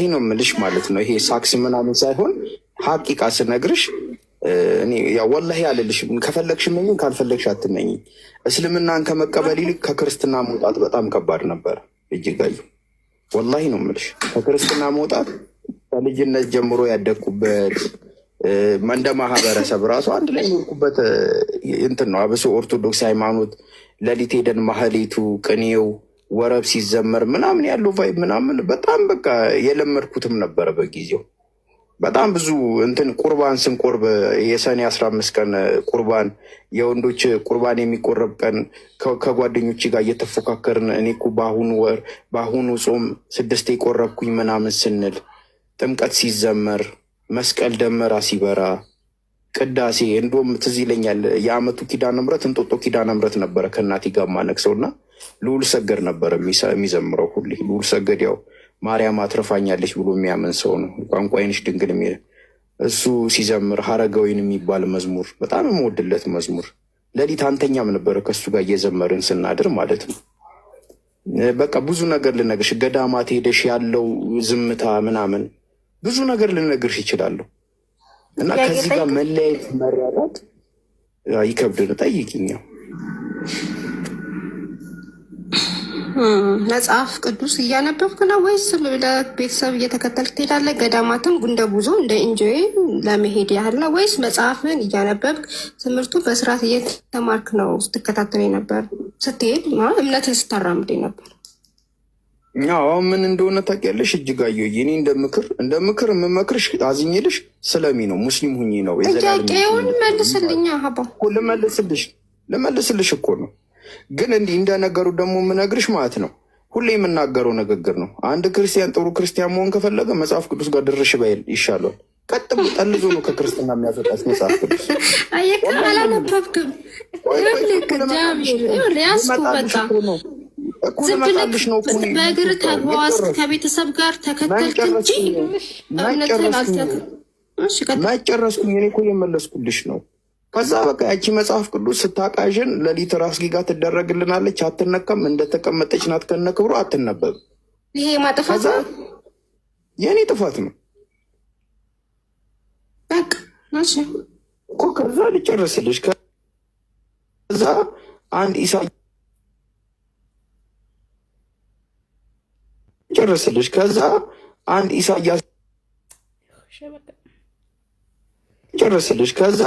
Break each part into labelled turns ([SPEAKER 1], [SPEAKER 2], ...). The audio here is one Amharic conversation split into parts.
[SPEAKER 1] ወላሂ ነው የምልሽ ማለት ነው። ይሄ ሳክስ ምናምን ሳይሆን ሀቂቃ ስነግርሽ ወላሂ አልልሽም። ከፈለግሽ መኝኝ፣ ካልፈለግሽ አትመኝ። እስልምናን ከመቀበል ይልቅ ከክርስትና መውጣት በጣም ከባድ ነበር። እጅጋዩ ወላሂ ነው የምልሽ ከክርስትና መውጣት ከልጅነት ጀምሮ ያደግኩበት እንደ ማህበረሰብ ራሱ አንድ ላይ የሚወርቁበት እንትን ነው። አብሶ ኦርቶዶክስ ሃይማኖት ለሊት ሄደን ማህሌቱ፣ ቅኔው ወረብ ሲዘመር ምናምን ያለው ቫይብ ምናምን በጣም በቃ የለመድኩትም ነበረ በጊዜው በጣም ብዙ እንትን ቁርባን ስንቆርብ የሰኔ አስራ አምስት ቀን ቁርባን የወንዶች ቁርባን የሚቆረብ ቀን ከጓደኞች ጋር እየተፎካከርን እኔ እኮ በአሁኑ ወር በአሁኑ ጾም ስድስት የቆረብኩኝ ምናምን ስንል ጥምቀት ሲዘመር መስቀል ደመራ ሲበራ ቅዳሴ እንዲሁም ትዝ ይለኛል የአመቱ ኪዳነ ምሕረት እንጦጦ ኪዳነ ምሕረት ነበረ ከእናቴ ጋር ማነቅ ሰውና ልዑል ሰገድ ነበር የሚዘምረው ሁሌ። ልዑል ሰገድ ያው ማርያም አትርፋኛለች ብሎ የሚያምን ሰው ነው። ቋንቋዬንሽ ድንግል የሚ እሱ ሲዘምር ሀረጋዊን የሚባል መዝሙር በጣም የምወድለት መዝሙር ለሊት አንተኛም ነበረ ከእሱ ጋር እየዘመርን ስናድር ማለት ነው። በቃ ብዙ ነገር ልነግርሽ፣ ገዳማት ሄደሽ ያለው ዝምታ ምናምን ብዙ ነገር ልነግርሽ ይችላለሁ እና ከዚህ ጋር መለያየት መራራት ይከብድን። ጠይቅኛው
[SPEAKER 2] መጽሐፍ ቅዱስ እያነበብክ ነው ወይስ ለቤተሰብ እየተከተልክ ትሄዳለህ? ገዳማትም ጉንደ ጉዞ እንደ ኢንጆይ ለመሄድ ያህል ነው ወይስ መጽሐፍን እያነበብክ ትምህርቱ በስርዓት እየተማርክ ነው ስትከታተል ነበር? ስትሄድ እምነትን ስታራምድ ነበር?
[SPEAKER 1] አዎ ምን እንደሆነ ታውቂያለሽ? እጅጋየሁ እኔ እንደ ምክር እንደ ምክር የምመክርሽ አዝኝልሽ ስለሚ ነው ሙስሊም ሁኚ ነው።
[SPEAKER 2] ጥያቄውን መልስልኛ ሀባ
[SPEAKER 1] ልመልስልሽ ልመልስልሽ እኮ ነው ግን እንዲህ እንደነገሩ ደግሞ የምነግርሽ ማለት ነው ሁሌ የምናገረው ንግግር ነው። አንድ ክርስቲያን ጥሩ ክርስቲያን መሆን ከፈለገ መጽሐፍ ቅዱስ ጋር ድርሽ በይል ይሻላል። ቀጥ ጠልዞ ነው ከክርስትና የሚያዘጣች መጽሐፍ ቅዱስ እኩልመጣብሽ ነው
[SPEAKER 2] በእግር ተጓዝክ ከቤተሰብ ጋር ተከተልክ እንጂ
[SPEAKER 1] መጨረስኩኝ። እኔ እኮ የመለስኩልሽ ነው ከዛ በቃ ያቺ መጽሐፍ ቅዱስ ስታቃዥን ለሊት ራስ ጊጋ ትደረግልናለች። አትነካም፣ እንደተቀመጠች ናት ከነ ክብሩ አትነበብም።
[SPEAKER 2] ይሄ ማጥፋት
[SPEAKER 1] የእኔ ጥፋት ነው ከዛ ልጨረስልሽ። ከዛ አንድ ኢሳያስ ልጨርስልሽ። ከዛ አንድ ኢሳያስ ልጨርስልሽ። ከዛ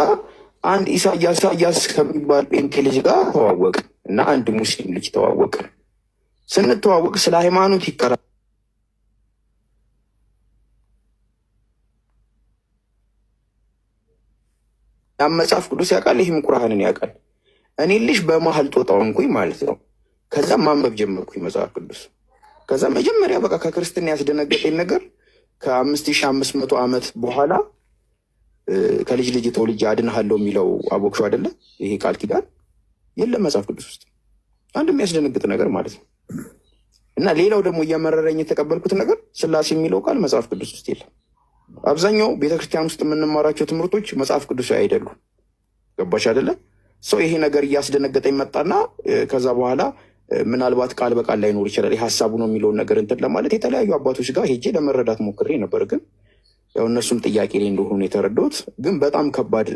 [SPEAKER 1] አንድ ኢሳያስ ኢሳያስ ከሚባል ጴንጤ ልጅ ጋር ተዋወቅ እና አንድ ሙስሊም ልጅ ተዋወቅ። ስንተዋወቅ ስለ ሃይማኖት ይከራ መጽሐፍ ቅዱስ ያውቃል፣ ይህም ቁርአንን ያውቃል። እኔ ልጅ በመሀል ጦጣውንኩኝ ማለት ነው። ከዛም ማንበብ ጀመርኩኝ መጽሐፍ ቅዱስ። ከዛ መጀመሪያ በቃ ከክርስትና ያስደነገጠኝ ነገር ከአምስት ሺህ አምስት መቶ ዓመት በኋላ ከልጅ ልጅ ተወልጄ አድንሃለሁ የሚለው አቦክሾ አይደለ? ይሄ ቃል ኪዳን የለም መጽሐፍ ቅዱስ ውስጥ። አንድ የሚያስደነግጥ ነገር ማለት ነው። እና ሌላው ደግሞ እያመረረኝ የተቀበልኩት ነገር ስላሴ የሚለው ቃል መጽሐፍ ቅዱስ ውስጥ የለም። አብዛኛው ቤተክርስቲያን ውስጥ የምንማራቸው ትምህርቶች መጽሐፍ ቅዱስ አይደሉም። ገባሽ አይደለም? ሰው ይሄ ነገር እያስደነገጠኝ መጣና ከዛ በኋላ ምናልባት ቃል በቃል ላይኖር ይችላል ሀሳቡ ነው የሚለውን ነገር እንትን ለማለት የተለያዩ አባቶች ጋር ሄጄ ለመረዳት ሞክሬ ነበር ግን ያው እነሱም ጥያቄ ላይ እንደሆኑ የተረዳሁት ግን በጣም ከባድ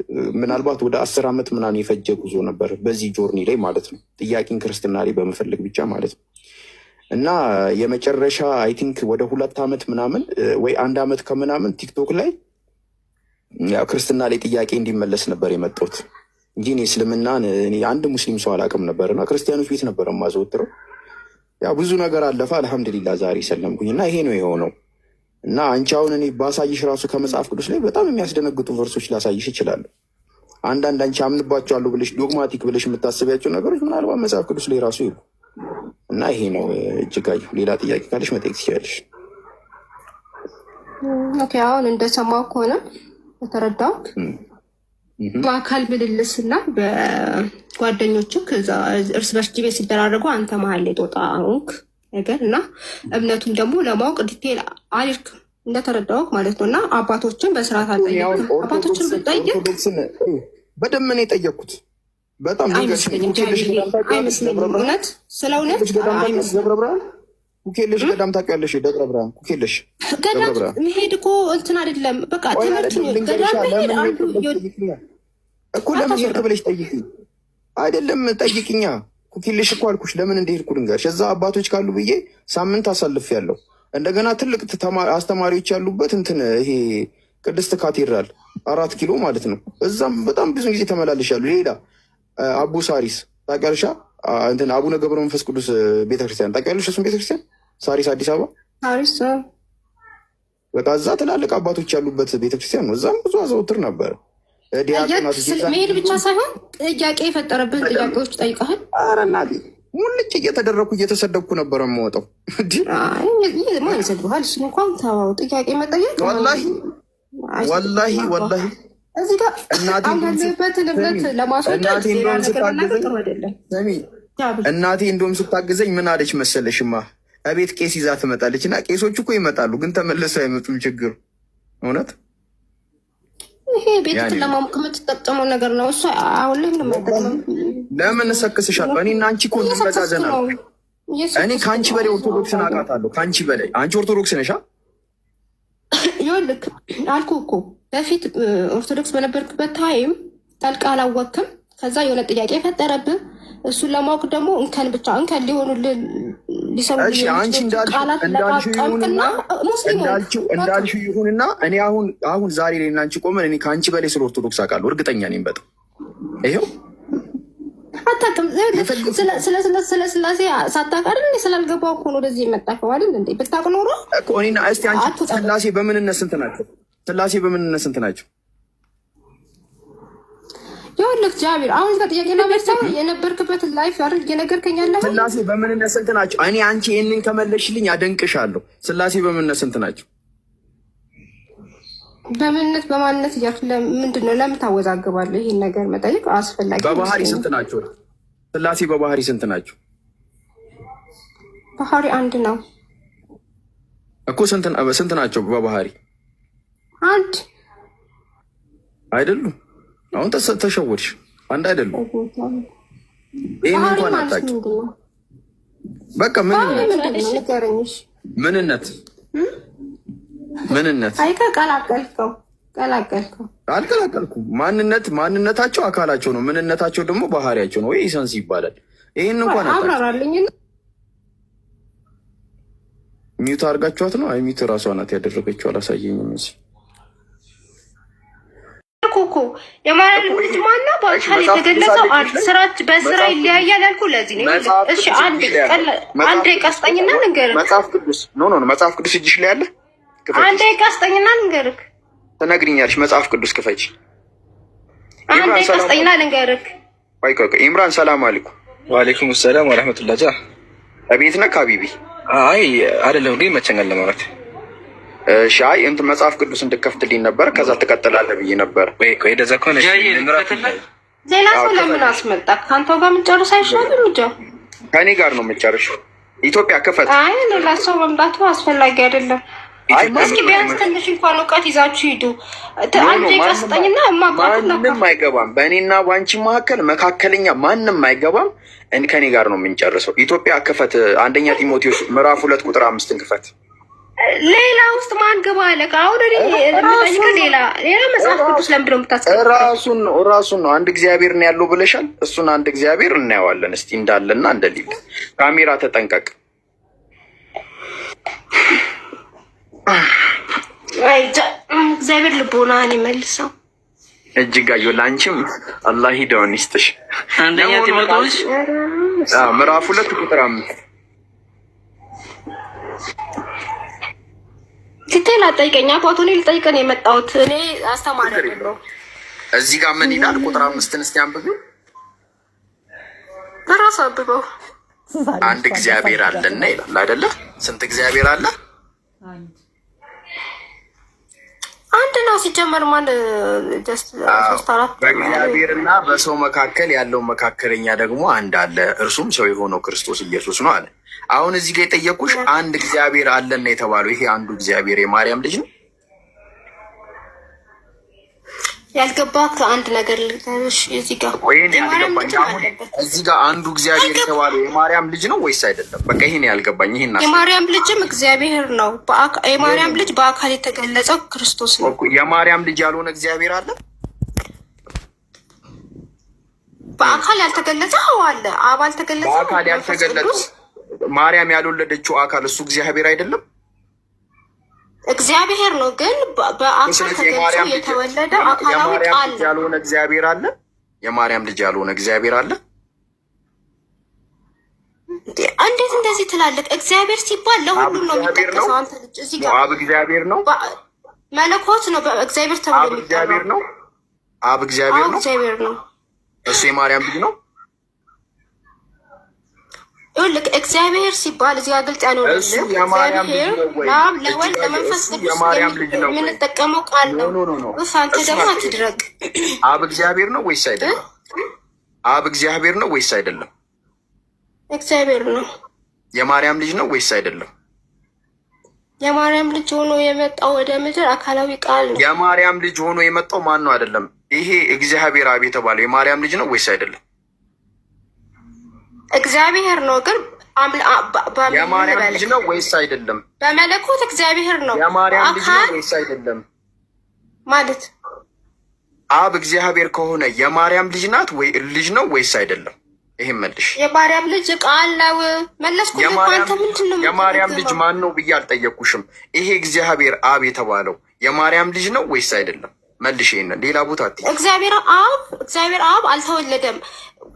[SPEAKER 1] ምናልባት ወደ አስር ዓመት ምናምን የፈጀ ጉዞ ነበር በዚህ ጆርኒ ላይ ማለት ነው። ጥያቄን ክርስትና ላይ በመፈለግ ብቻ ማለት ነው እና የመጨረሻ አይ ቲንክ ወደ ሁለት ዓመት ምናምን ወይ አንድ ዓመት ከምናምን ቲክቶክ ላይ ያው ክርስትና ላይ ጥያቄ እንዲመለስ ነበር የመጣሁት እንጂ እኔ እስልምናን አንድ ሙስሊም ሰው አላውቅም ነበር እና ክርስቲያኖች ቤት ነበር የማዘወትረው። ያው ብዙ ነገር አለፈ። አልሐምድሊላ ዛሬ ሰለምኩኝ እና ይሄ ነው የሆነው። እና አንቺ አሁን እኔ ባሳይሽ ራሱ ከመጽሐፍ ቅዱስ ላይ በጣም የሚያስደነግጡ ቨርሶች ላሳይሽ ይችላሉ። አንዳንድ አንቺ አምንባቸዋለሁ ብለሽ ዶግማቲክ ብለሽ የምታስቢያቸው ነገሮች ምናልባት መጽሐፍ ቅዱስ ላይ ራሱ ይሉ እና ይሄ ነው እጅጋዩ። ሌላ ጥያቄ ካለሽ መጠየቅ ትችላለሽ። አሁን እንደሰማው ከሆነ የተረዳሁት በአካል ምልልስ እና በጓደኞችህ እርስ በርስ ጅቤ ሲደራረጉ አንተ መሀል ላይ ጦጣ ነገር እና እምነቱም ደግሞ ለማወቅ ዲቴል አልክም እንደተረዳሁህ ማለት ነው። እና አባቶችን በስርዓት አባቶችን ብጠይቅ በደንብ ነው የጠየቅኩት። በጣም አይመስለኝም። እውነት ስለ እውነት ኩኬለሽ ገዳም ታውቂያለሽ? ደብረ ብርሃን ኩኬለሽ ገዳም መሄድ እኮ እንትን አይደለም። በቃ ትምህርት ገዳም መሄድ አንዱ እኮ ለመሄድ ብለሽ ጠይቅኝ አይደለም ጠይቅኛ ኩኪልሽ እኮ አልኩሽ ለምን እንደሄድኩ ልንገርሽ። እዛ አባቶች ካሉ ብዬ ሳምንት አሳልፍ ያለው እንደገና ትልቅ አስተማሪዎች ያሉበት እንትን ይሄ ቅድስት ካቴድራል አራት ኪሎ ማለት ነው። እዛም በጣም ብዙ ጊዜ ተመላልሻለሁ። ሌላ አቡ ሳሪስ ታውቂያለሽ? እንትን አቡነ ገብረ መንፈስ ቅዱስ ቤተክርስቲያን ታውቂያለሽ? እሱም ቤተክርስቲያን ሳሪስ አዲስ አበባ በቃ እዛ ትላልቅ አባቶች ያሉበት ቤተክርስቲያን ነው። እዛም ብዙ አዘውትር ነበር። መሄድ ብቻ ሳይሆን ጥያቄ የፈጠረብን ጥያቄዎች ጠይቀሃል። ኧረ እናቴ ሙልጭ እየተሰደብኩ ነበረ የምወጣው። ማን ይሰድብሃል? እሱን እንኳን ተው። ጥያቄ መጠየቅ ወላሂ ወላሂ ወላሂ እዚህ ጋር ለማስወጣት ጥሩ አይደለም። እናቴ እንደውም ስታግዘኝ ምን አለች መሰለሽማ እቤት ቄስ ይዛ ትመጣለች እና ቄሶች እኮ ይመጣሉ፣ ግን ተመልሰው አይመጡም። ችግር እውነት ይሄ ቤት ለማሞቅ የምትጠቀመው ነገር ነው። እሱ አሁን ላይ ለምን እሰክስሻለሁ? እኔ እና አንቺ እኮ እንበዛዘናል። እኔ ከአንቺ በላይ ኦርቶዶክስን አውቃታለሁ። ከአንቺ በላይ አንቺ ኦርቶዶክስ ነሻ። ይኸውልህ አልኩህ እኮ በፊት ኦርቶዶክስ በነበርክበት ታይም ጠልቀህ አላወቅም ከዛ የሆነ ጥያቄ ፈጠረብህ። እሱን ለማወቅ ደግሞ እንከን ብቻ እንከን ሊሆኑ ሊሰሙ እንዳልሽው ይሁንና እኔ አሁን አሁን ዛሬ ላይ እናንቺ ቆመን እኔ ከአንቺ በላይ ስለ ኦርቶዶክስ አውቃለሁ፣ እርግጠኛ ነኝ። በጣም ይኸው ስለስላሴ ስለ ስላሴ ሳታውቅ አይደል? ስላልገባሁ እኮ ነው ወደዚህ የመጣከው አይደል? እንዴ ብታውቅ ኖሮ ስላሴ በምንነት ስንት ናቸው? ስላሴ በምንነት ስንት ናቸው? ያሁን እግዚአብሔር አሁን እዚህ ጋር ጥያቄ ላመሳ የነበርክበትን ላይፍ አይደል እየነገርከኝ ያለኸው። ስላሴ በምንነት ስንት ናቸው? እኔ አንቺ ይህንን ከመለሽልኝ አደንቅሻለሁ። ስላሴ በምንነት ስንት ናቸው? በምንነት በማንነት እያልክ ምንድን ነው ለምን ታወዛግባለህ? ይህን ነገር መጠየቅ አስፈላጊ። በባህሪ ስንት ናቸው? ስላሴ በባህሪ ስንት ናቸው? ባህሪ አንድ ነው እኮ። ስንት ናቸው በባህሪ? አንድ አይደሉም አሁን ተሸወድሽ። አንድ አይደለም ይህን እንኳን አታውቂ። በቃ ምንነት ምንነት ቀላቀልከው አልቀላቀልኩም። ማንነት ማንነታቸው አካላቸው ነው። ምንነታቸው ደግሞ ባህሪያቸው ነው ወይ ኢሰንስ ይባላል። ይህን እንኳን አብራራልኝ። ሚዩት አድርጋችኋት ነው? አይ ሚዩት እራሷ ናት ያደረገችው። አላሳየኝም እዚህ እኮ የማርያም ልጅ ማና በአካል የተገለጸው ስራች በስራ ይለያያል ያልኩ ለዚህ ነው። እሺ አንድ አንድ ቀስጠኝና ንገር። መጽሐፍ ቅዱስ ኖ ኖ መጽሐፍ ቅዱስ እጅሽ ላይ አለ። አንድ ቀስጠኝና ንገርክ። ትነግሪኛለሽ። መጽሐፍ ቅዱስ ክፈች። አንድ ቀስጠኝና ንገርክ። ቆይ ቆይ ቆይ። ኢምራን ሰላም አለኩ። ወአለይኩም ሰላም ወራህመቱላህ። ቤት ነካ ቢቢ አይ አይደለም፣ ግን ይመቸኛል ለማለት ሻይ እንት መጽሐፍ ቅዱስ እንድከፍትልኝ ነበር። ከዛ ትቀጥላለህ ብዬ ነበር። ሌላ ሰው ለምን አስመጣ? ከአንተ ጋር የምንጨርስ አይሻልም? ከእኔ ጋር ነው የምንጨርሰው። ኢትዮጵያ ክፈት። አይ ሌላ ሰው መምጣቱ አስፈላጊ አይደለም። እስኪ ቢያንስ ትንሽ እንኳን እውቀት ይዛችሁ ሂዱ። አንድ ቀስጠኝና ማንም አይገባም። በእኔና በአንቺ መካከል መካከለኛ ማንም አይገባም። ከኔ ጋር ነው የምንጨርሰው። ኢትዮጵያ ክፈት። አንደኛ ጢሞቴዎስ ምዕራፍ ሁለት ቁጥር አምስትን ክፈት። ሌላ ውስጥ ማን ገባ አለ? አሁን ሌላ ሌላ መጽሐፍ ቅዱስ ለምንድን ነው የምታስቀምጠው? ራሱን ነው ራሱን ነው አንድ እግዚአብሔር ነው ያለው ብለሻል። እሱን አንድ እግዚአብሔር እናየዋለን እስቲ እንዳለና እንደሌለ። ካሜራ ተጠንቀቅ። እግዚአብሔር ልቦናህን ይመልሰው። እጅጋየሁ ለአንቺም አላህ ሂዳውን ይስጥሽ። አንደኛ ጢሞቴዎስ ምዕራፍ ሁለት ቁጥር አምስት ዲቴል ጠይቀኛ አባቶ እኔ ልጠይቀን የመጣሁት እኔ አስተማሪ ነው። እዚህ ጋር ምን ይላል? ቁጥር አምስትን እስቲ አንብብ። በራሱ አብበው? አንድ እግዚአብሔር አለና ይላል አይደለ? ስንት እግዚአብሔር አለ? አንድ ነው ሲጀመር። ማን በእግዚአብሔርና በሰው መካከል ያለው መካከለኛ ደግሞ አንድ አለ፣ እርሱም ሰው የሆነው ክርስቶስ ኢየሱስ ነው አለ አሁን እዚህ ጋር የጠየቅኩሽ አንድ እግዚአብሔር አለና የተባለው ይሄ አንዱ እግዚአብሔር የማርያም ልጅ ነው ያልገባ ከአንድ ነገር እዚህ ጋር አንዱ እግዚአብሔር የተባለው የማርያም ልጅ ነው ወይስ አይደለም? በቃ ይሄን ያልገባኝ ይሄን የማርያም ልጅም እግዚአብሔር ነው። የማርያም ልጅ በአካል የተገለጸው ክርስቶስ ነው። የማርያም ልጅ ያልሆነ እግዚአብሔር አለ? በአካል ያልተገለጸ አዋለ አባል ተገለጸ በአካል ያልተገለጸ ማርያም ያልወለደችው አካል እሱ እግዚአብሔር አይደለም? እግዚአብሔር ነው። ግን በአካል ተገልጾ የተወለደ አካላዊ ቃል ያልሆነ እግዚአብሔር አለ። የማርያም ልጅ ያልሆነ እግዚአብሔር አለ። እንዴት እንደዚህ ትላለህ? እግዚአብሔር ሲባል ለሁሉም ነው የሚጠቀሰው። አንተ ልጅ እዚህ ጋር አብ እግዚአብሔር ነው፣ መለኮት ነው። በእግዚአብሔር ተብሎ የሚጠራ ነው። አብ እግዚአብሔር ነው። እሱ የማርያም ልጅ ነው። ይኸውልህ እግዚአብሔር ሲባል እዚህ ግልጽ ያልሆነልህ እግዚአብሔር ለአብ ለወልድ ለመንፈስ ቅዱስ የምንጠቀመው ቃል ነው። እፍ አንተ ደግሞ አትድረቅ። አብ እግዚአብሔር ነው ወይስ አይደለም? አብ እግዚአብሔር ነው ወይስ አይደለም? እግዚአብሔር ነው። የማርያም ልጅ ነው ወይስ አይደለም? የማርያም ልጅ ሆኖ የመጣው ወደ ምድር አካላዊ ቃል ነው። የማርያም ልጅ ሆኖ የመጣው ማን ነው? አይደለም። ይሄ እግዚአብሔር አብ የተባለው የማርያም ልጅ ነው ወይስ አይደለም? እግዚአብሔር ነው ግን የማርያም ልጅ ነው ወይስ አይደለም? በመለኮት እግዚአብሔር ነው። የማርያም ልጅ ነው ወይስ አይደለም? ማለት አብ እግዚአብሔር ከሆነ የማርያም ልጅ ናት ወይ ልጅ ነው ወይስ አይደለም? ይህም መልሽ። የማርያም ልጅ ቃል ነው መለስኩ። አንተ ምንድን ነው የማርያም ልጅ ማን ነው ብዬ አልጠየቅኩሽም። ይሄ እግዚአብሔር አብ የተባለው የማርያም ልጅ ነው ወይስ አይደለም? መልሽ ይሄንን ሌላ ቦታ እግዚአብሔር አብ እግዚአብሔር አብ አልተወለደም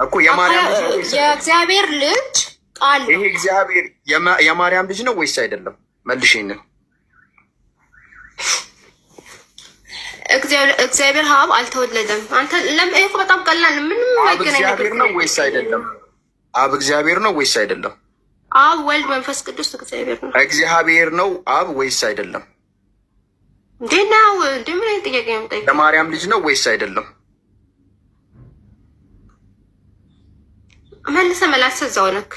[SPEAKER 1] እኮ የማርያም ልጅ የእግዚአብሔር ልጅ ቃል ይሄ እግዚአብሔር የማርያም ልጅ ነው ወይስ አይደለም? መልሽ ይሄንን። እግዚአብሔር አብ አልተወለደም። አንተ ለምን በጣም ቀላል ምንም ማይገናኝ ነው ወይስ አይደለም? አብ እግዚአብሔር ነው ወይስ አይደለም? አብ ወልድ መንፈስ ቅዱስ እግዚአብሔር ነው። እግዚአብሔር ነው አብ ወይስ አይደለም? እንዴናው እንደምን ጥያቄ ነው የምጠይቀው? ለማርያም ልጅ ነው ወይስ አይደለም? መልሰ መላስ እዛው ነህ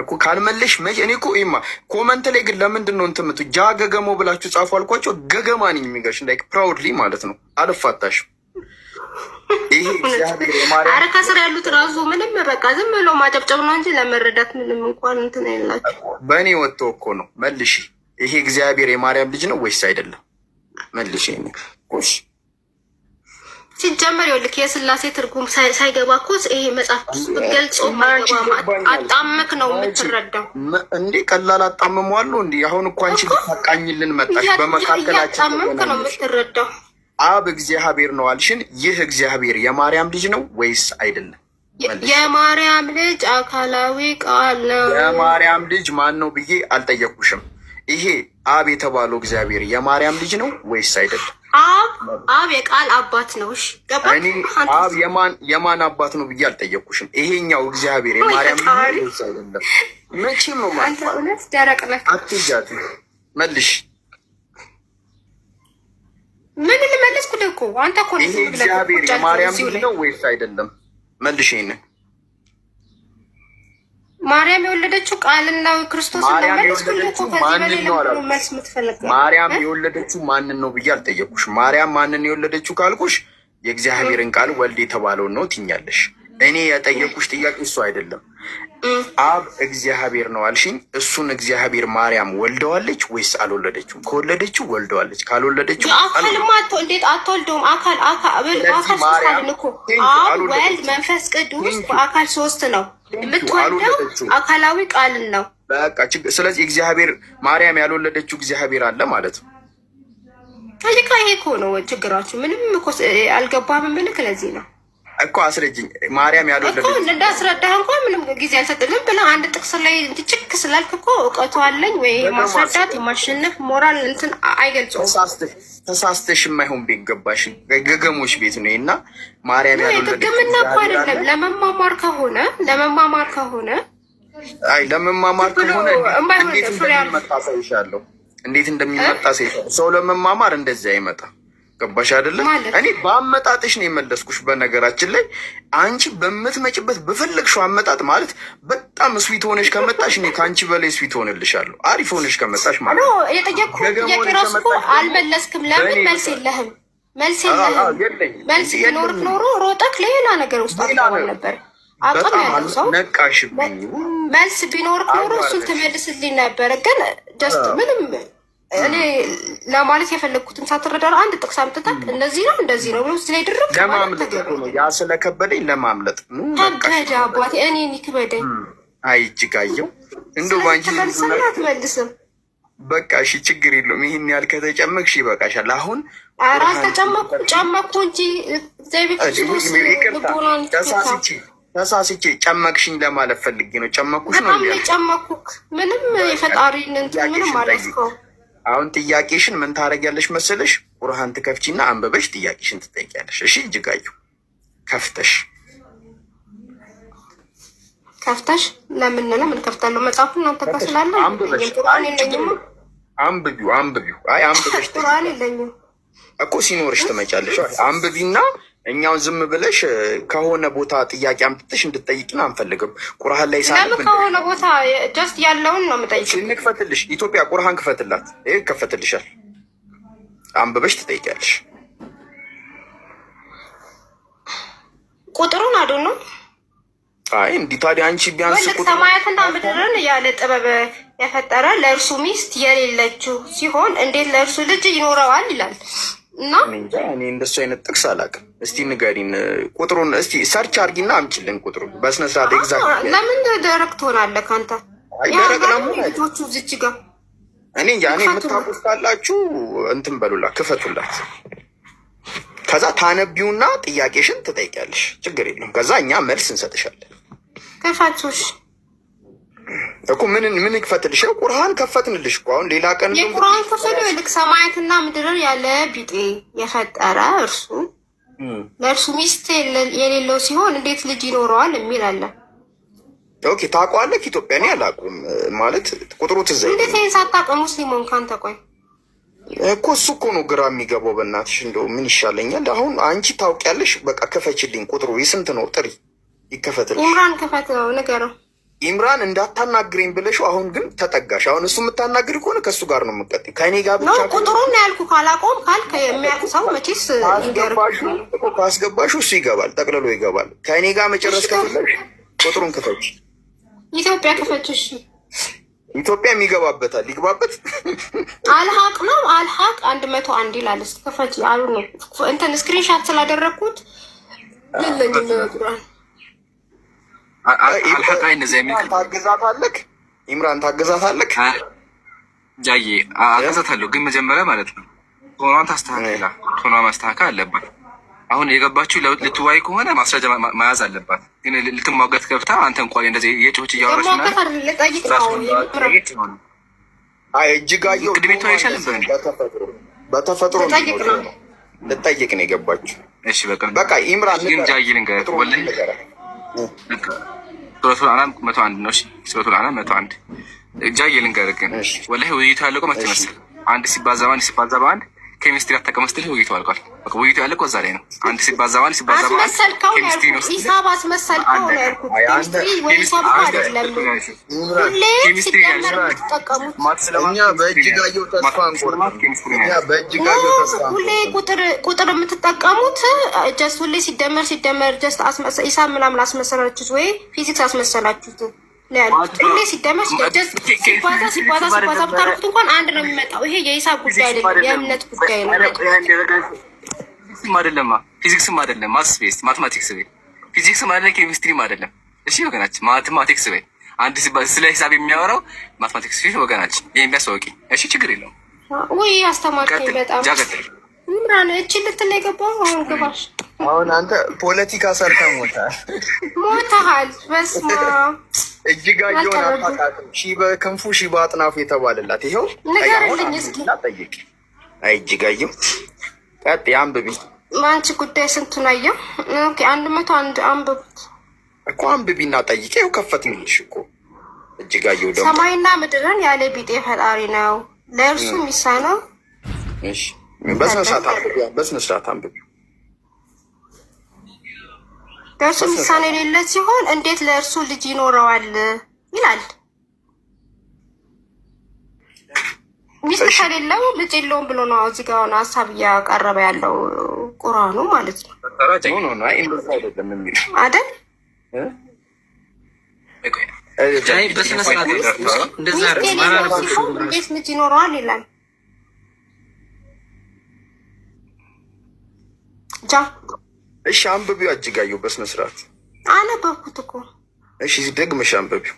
[SPEAKER 1] እኮ ካልመለሽ መቼ እኔ እኮ ይማ ኮመንት ላይ ግን ለምንድን ነው እንትምቱ ጃ ገገሞ ብላችሁ ጻፉ አልኳቸው። ገገማ ነኝ የሚገርሽ ላይክ ፕራውድሊ ማለት ነው። አልፋታሽም። አረ ከስር ያሉት ራሱ ምንም በቃ ዝም ብሎ ማጨብጨብ ነው እንጂ ለመረዳት ምንም እንኳን እንትን የላቸው። በእኔ ወጥቶ እኮ ነው መልሽ። ይሄ እግዚአብሔር የማርያም ልጅ ነው ወይስ አይደለም? መልሽ ሽ ሲጀመር ይኸውልህ የስላሴ ትርጉም ሳይገባ እኮ ይሄ መጽሐፍ ቅዱስ ገልጾ አጣምክ ነው የምትረዳው። እንዴ ቀላል አጣምሟለሁ። እንዲ አሁን እኮ አንቺ ልታቃኝልን መጣሽ። በመካከላችን አጣምክ ነው የምትረዳው። አብ እግዚአብሔር ነው አልሽን። ይህ እግዚአብሔር የማርያም ልጅ ነው ወይስ አይደለም? የማርያም ልጅ አካላዊ ቃል ነው። የማርያም ልጅ ማን ነው ብዬ አልጠየኩሽም። ይሄ አብ የተባለው እግዚአብሔር የማርያም ልጅ ነው ወይስ አይደለም? አብ አብ የቃል አባት ነው። እሺ ገባ። እኔ አብ የማን የማን አባት ነው ብዬ አልጠየቅኩሽም። ይሄኛው እግዚአብሔር የማርያም ልጅ ነው ወይስ አይደለም? መቼም ነው ማለት አንተ እውነት ደረቅ ነህ። አትጃት መልሽ። ምን ልመለስኩ? ደኮ አንተ ኮ ይሄ እግዚአብሔር የማርያም ልጅ ነው ወይስ አይደለም? መልሽ ይሄንን ማርያም የወለደችው ቃልና ክርስቶስ ማርያም የወለደችው ማንን ነው ብዬ አልጠየኩሽ። ማርያም ማንን የወለደችው ካልኩሽ የእግዚአብሔርን ቃል ወልድ የተባለውን ነው ትኛለሽ። እኔ የጠየቁሽ ጥያቄ እሱ አይደለም። አብ እግዚአብሔር ነው አልሽኝ። እሱን እግዚአብሔር ማርያም ወልደዋለች ወይስ አልወለደችም? ከወለደችው ወልደዋለች፣ ካልወለደችው አካልማ እንዴት አትወልደውም? አካል አካል አብ፣ ወልድ፣ መንፈስ ቅዱስ በአካል ሶስት ነው። የምትወልደው አካላዊ ቃልን ነው። በቃ ስለዚህ እግዚአብሔር ማርያም ያልወለደችው እግዚአብሔር አለ ማለት ነው። ከዚህ ይሄ እኮ ነው ችግራችሁ። ምንም አልገባም። ምልክ ለዚህ ነው እኮ አስረጅኝ ማርያም ያልወለደች እኮ አስረዳህ እንኳ ምንም ጊዜ አልሰጥልም ብለህ አንድ ጥቅስ ላይ እንትችክ ስላልክ እኮ እውቀቱ አለኝ ወይ ማስረዳት የማሸነፍ ሞራል እንትን አይገልጽም። ተሳስተሽ የማይሆን ቤት ገባሽ፣ ገገሞች ቤት ነው እና ማርያም ያልወለደች ግምና እኮ አይደለም። ለመማማር ከሆነ ለመማማር ከሆነ አይ ለመማማር ከሆነ እንዴት እንደሚመጣ ሳይሻለሁ እንዴት እንደሚመጣ ሳይሻለሁ ሰው ለመማማር እንደዚህ አይመጣም። ገባሽ አይደለም? እኔ በአመጣጥሽ ነው የመለስኩሽ። በነገራችን ላይ አንቺ በምትመጭበት በፈለግሽው አመጣጥ ማለት በጣም ስዊት ሆነሽ ከመጣሽ እኔ ከአንቺ በላይ ስዊት ሆንልሻለሁ። አሪፍ ሆነሽ ከመጣሽ ማለት ነው። ጥያቄ ራሱ እኮ አልመለስክም። ለምን መልስ የለህም? መልስ የለህም። መልስ ቢኖርህ ኖሮ ሮጠክ ሌላ ነገር ውስጥ ነበር። አቅም ያለው ሰው ነቃሽብኝ። መልስ ቢኖርህ ኖሮ እሱን ትመልስልኝ ነበር፣ ግን ጀስት ምንም እኔ ለማለት የፈለግኩትን ሳትረዳ አንድ ጥቅስ አምጥታት እንደዚህ ነው እንደዚህ ነው ብሎ ስለ ድርቅ ለማምለጥ ያ ስለከበደኝ ለማምለጥ ከበደ። አባቴ እኔን ይክበደኝ። አይ እጅጋየው እንደው ባንቺ አትመልስም። በቃ እሺ ችግር የለውም። ይህን ያህል ከተጨመቅሽ ይበቃሻል። አሁን አራት ተጨመቅኩ ጨመቅኩ እንጂ ተሳስቼ ተሳስቼ ጨመቅሽኝ ለማለት ፈልጌ ነው። ጨመቅኩሽ ነው ጨመቅኩክ ምንም የፈጣሪ እንትን ምንም አላስከው አሁን ጥያቄሽን ምን ታደርጊያለሽ መሰለሽ? ቁርሃን ትከፍቺና አንበበሽ ጥያቄሽን ትጠይቂያለሽ። እሺ እጅጋዩ ከፍተሽ ከፍተሽ ለምን ለምን ከፍታለሁ? መጽሐፉ እናንተ ጋር ስላለ አንብቢው አንብቢው። አይ አንብበሽ ቁርአን የለኝም እኮ ሲኖርሽ ትመጫለሽ። አንብቢና እኛውን ዝም ብለሽ ከሆነ ቦታ ጥያቄ አምጥተሽ እንድትጠይቅን አንፈልግም። ቁርሃን ላይ ሳለም ከሆነ ቦታ ጀስት ያለውን ነው የምጠይቅሽ። እንክፈትልሽ ኢትዮጵያ ቁርሃን ክፈትላት፣ ይህ ከፈትልሻል፣ አንብበሽ ትጠይቂያለሽ። ቁጥሩን አዱ ነው። አይ እንዲህ ታዲያ አንቺ ቢያንስ ሰማያትና ምድርን ያለ ጥበብ የፈጠረ ለእርሱ ሚስት የሌለችው ሲሆን እንዴት ለእርሱ ልጅ ይኖረዋል ይላል እና እኔ እንደሱ አይነት ጥቅስ አላውቅም። እስቲ ንገሪን ቁጥሩን፣ እስቲ ሰርች አርጊና አምጪልን ቁጥሩ በስነ ስርዓት ኤግዛክት። ለምን ደረቅ ትሆናለህ ከአንተ ልጆቹ ዝች ጋር እኔ እንጃ። እኔ የምታውቁት ካላችሁ እንትን በሉላ ክፈቱላት። ከዛ ታነቢውና ጥያቄሽን ትጠይቂያለሽ። ችግር የለም። ከዛ እኛ መልስ እንሰጥሻለን። ከፋቶሽ እኮ ምን ምን ይክፈትልሽ? ቁርአን ከፈትንልሽ እኮ አሁን ሌላ ቀን የቁርአን ክፍል ልክ ሰማያትና ምድርን ያለ ቢጤ የፈጠረ እርሱ ለእርሱ ሚስት የሌለው ሲሆን እንዴት ልጅ ይኖረዋል የሚል አለ። ኦኬ ታውቀዋለህ? ኢትዮጵያ እኔ አላውቅም ማለት ቁጥሩ ትዝ እንዴት ይሄን ሳታውቅ ሙስሊም ሆንክ አንተ? ቆይ እኮ እሱ እኮ ነው ግራ የሚገባው። በእናትሽ እንደው ምን ይሻለኛል አሁን አንቺ ታውቂያለሽ። በቃ ክፈችልኝ፣ ቁጥሩ የስንት ነው? ጥሪ ይከፈትልሽ። ኢምራን ክፈት ነው ንገረው ኢምራን እንዳታናግረኝ ብለሽ አሁን ግን ተጠጋሽ። አሁን እሱ የምታናግር ከሆነ ከእሱ ጋር ነው የምቀጥ ከእኔ ጋር ብቻ ቁጥሩን ያልኩ ካላቆም ካልክ የሚያውቅ ሰው መቼስ ካስገባሽ እሱ ይገባል፣ ጠቅልሎ ይገባል። ከእኔ ጋር መጨረስ ከፈለግሽ ቁጥሩን ክፈች። ኢትዮጵያ ክፈችሽ። ኢትዮጵያ የሚገባበታል፣ ይግባበት። አልሀቅ ነው አልሀቅ አንድ መቶ አንድ ይላል። እስኪ ክፈች አሉ ነው እንትን ስክሪንሻት ስላደረግኩት ልለኝ ቁራን ታግዛታለህ፣ ኢምራን ጃዬ አገዛታለሁ፣ ግን መጀመሪያ ማለት ነው ቶኗን ታስተካከላ ቶኗ ማስተካከል አለባት። አሁን የገባችው ልትዋይ ከሆነ ማስረጃ መያዝ አለባት። ግን ልትሟገት ገብታ አንተ እንኳን እንደዚህ የጮች እያወራች እጅጋየሁ ቅድሜቷ በተፈጥሮ ልጠይቅ ነው የገባችው። በቃ ኢምራን ጃይልን ገ ሱረቱል አናም መቶ አንድ ነው። ሱረቱል አናም መቶ አንድ እጃ የልንገርህ ግን ወላሂ ውይይቱ ያለቀው መቼ መሰለህ አንድ ሲባዛ በአንድ ሲባዛ በአንድ ኬሚስትሪ አታውቅም ስትል ውይይቱ አልቋል። ውይይቱ ያለ እዛ ላይ ነው። አንድ ሲባዛ ማለት ሲባዛ የምትጠቀሙት ቁጥር የምትጠቀሙት ጀስት ሁሌ ሲደመር ሲደመር ጀስት ሂሳብ ምናምን አስመሰላችሁት ወይ ፊዚክስ አስመሰላችሁት ሁሌ ሲባዛ ሲባዛ ሲባዛ እንኳን አንድ ነው የሚመጣው። ይሄ የሂሳብ ጉዳይ አይደለም፣ የእምነት ጉዳይ ነው። ፊዚክስም ፊዚክስም አይደለም፣ ማትማቲክስ ቤ ፊዚክስም አይደለም፣ ኬሚስትሪም አይደለም። እሺ ወገናችን ማትማቲክስ ቤ አንድ ስለ ሂሳብ የሚያወራው ማትማቲክስ ወገናችን እሺ፣ ችግር የለውም። አስተማርከኝ በጣም ልትል የገባው አሁን ግባሽ አሁን አንተ ፖለቲካ ሰርተ ሞታል ሞታል በስማ እጅጋ እጅጋየውን አታውቃትም። በክንፉ ሺ በአጥናፉ የተባለላት ይኸው ጠይቅ። እጅጋየሁ ቀጥ አንብቢ። አንቺ ጉዳይ ስንቱን አየው። አንድ መቶ አንድ አንብቡት እኮ አንብቢ እና ጠይቅ። ይኸው ከፈትንልሽ እኮ እጅጋየሁ ደግሞ ሰማይና ምድርን ያለ ቢጤ ፈጣሪ ነው፣ ለእርሱ የሚሳነው። በስነስርዓት አንብቢ፣ በስነስርዓት አንብቢ በእርሱ ልሳን የሌለ ሲሆን እንዴት ለእርሱ ልጅ ይኖረዋል ይላል። ሚስት ከሌለው ልጅ የለውም ብሎ ነው እዚህ ጋር ሀሳብ እያቀረበ ያለው ቁርአኑ ማለት ነው አይደል? እንዴት ልጅ ይኖረዋል ይላል። ጃ እሺ አንብቢው፣ አጅጋየሁ በስነ ስርዓት አነበብኩት እኮ። እሺ ደግመሽ አንብቢው፣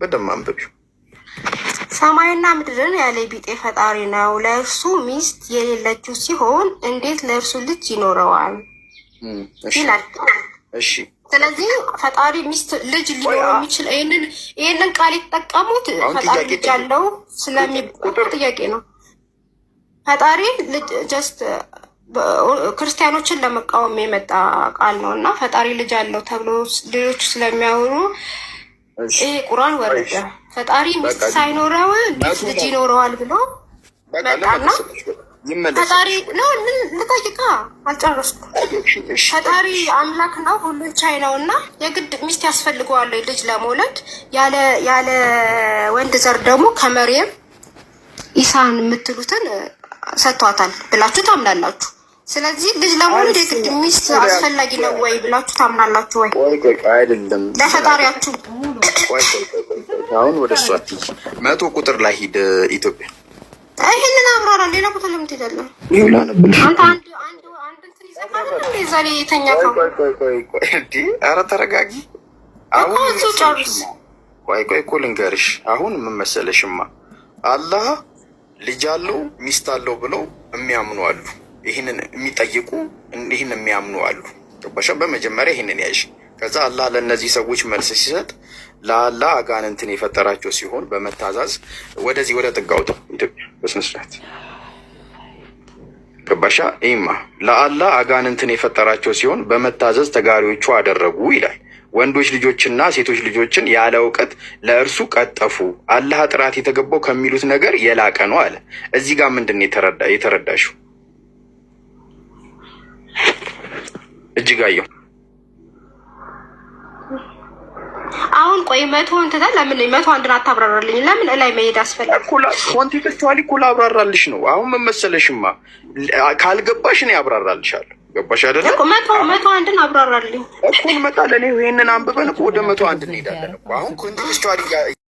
[SPEAKER 1] በደምብ አንብቢው። ሰማይና ምድርን ያለ ቢጤ ፈጣሪ ነው። ለእርሱ ሚስት የሌለችው ሲሆን እንዴት ለእርሱ ልጅ ይኖረዋል ይላል። እሺ ስለዚህ ፈጣሪ ሚስት ልጅ ሊኖረው የሚችል ይህንን ቃል የተጠቀሙት ፈጣሪ ልጅ ያለው ስለሚ ጥያቄ ነው። ፈጣሪ ጀስት ክርስቲያኖችን ለመቃወም የመጣ ቃል ነው እና ፈጣሪ ልጅ አለው ተብሎ ሌሎች ስለሚያወሩ ይሄ ቁራን ወረደ። ፈጣሪ ሚስት ሳይኖረው ሚስት ልጅ ይኖረዋል ብሎ መጣና ፈጣሪ ነው። ልጠይቃ አልጨረስኩም። ፈጣሪ አምላክ ነው፣ ሁሉን ቻይ ነው እና የግድ ሚስት ያስፈልገዋል ልጅ ለመውለድ። ያለ ወንድ ዘር ደግሞ ከመርየም ኢሳን የምትሉትን ሰጥቷታል ብላችሁ ታምናላችሁ። ስለዚህ ልጅ ለመውለድ የግድ ሚስት አስፈላጊ ነው ወይ ብላችሁ ታምናላችሁ ወይ? አይደለም። ለፈጣሪያችሁ አሁን ወደ እሷ መቶ ቁጥር ላይ ሂድ ኢትዮጵያ። ይህንን አብራራ። ሌላ ቦታ ለምን ትሄዳለህ? አንተ አንድ አንድ እንትን ይዘፋል እንዴ? ዛሬ የተኛ ኧረ ተረጋጊ። አሁን እሱ ጨርስ። ቆይ ቆይ እኮ ልንገርሽ። አሁን ምን መሰለሽማ አላህ ልጅ አለው ሚስት አለው ብለው የሚያምኑ አሉ ይህንን የሚጠይቁ ይህን የሚያምኑ አሉ። ገባሽ? በመጀመሪያ ይህንን ያይሽ። ከዛ አላህ ለእነዚህ ሰዎች መልስ ሲሰጥ ለአላህ አጋንንትን የፈጠራቸው ሲሆን በመታዛዝ ወደዚህ ወደ ጥጋውት ኢትዮጵያ ስርዓት ገባሻ? ኢማ ለአላህ አጋንንትን የፈጠራቸው ሲሆን በመታዘዝ ተጋሪዎቹ አደረጉ ይላል። ወንዶች ልጆችና ሴቶች ልጆችን ያለ እውቀት ለእርሱ ቀጠፉ። አላህ ጥራት የተገባው ከሚሉት ነገር የላቀ ነው አለ። እዚህ ጋር ምንድን ነው የተረዳሽው? እጅጋየሁ አሁን ቆይ መቶ እንትታ ለምን መቶ አንድን አታብራራልኝ? ለምን እላይ መሄድ አስፈለገ? ኮንቴክስቹዋሊ እኮ ላብራራልሽ ነው። አሁን ምን መሰለሽማ ካልገባሽ እኔ አብራራልሻለሁ። ገባሽ አይደለ? መቶ መቶ አንድን አብራራልኝ እኮ እንመጣለን። ይሄንን አንብበን ወደ መቶ አንድ እንሄዳለን። አሁን ኮንቴክስቹዋሊ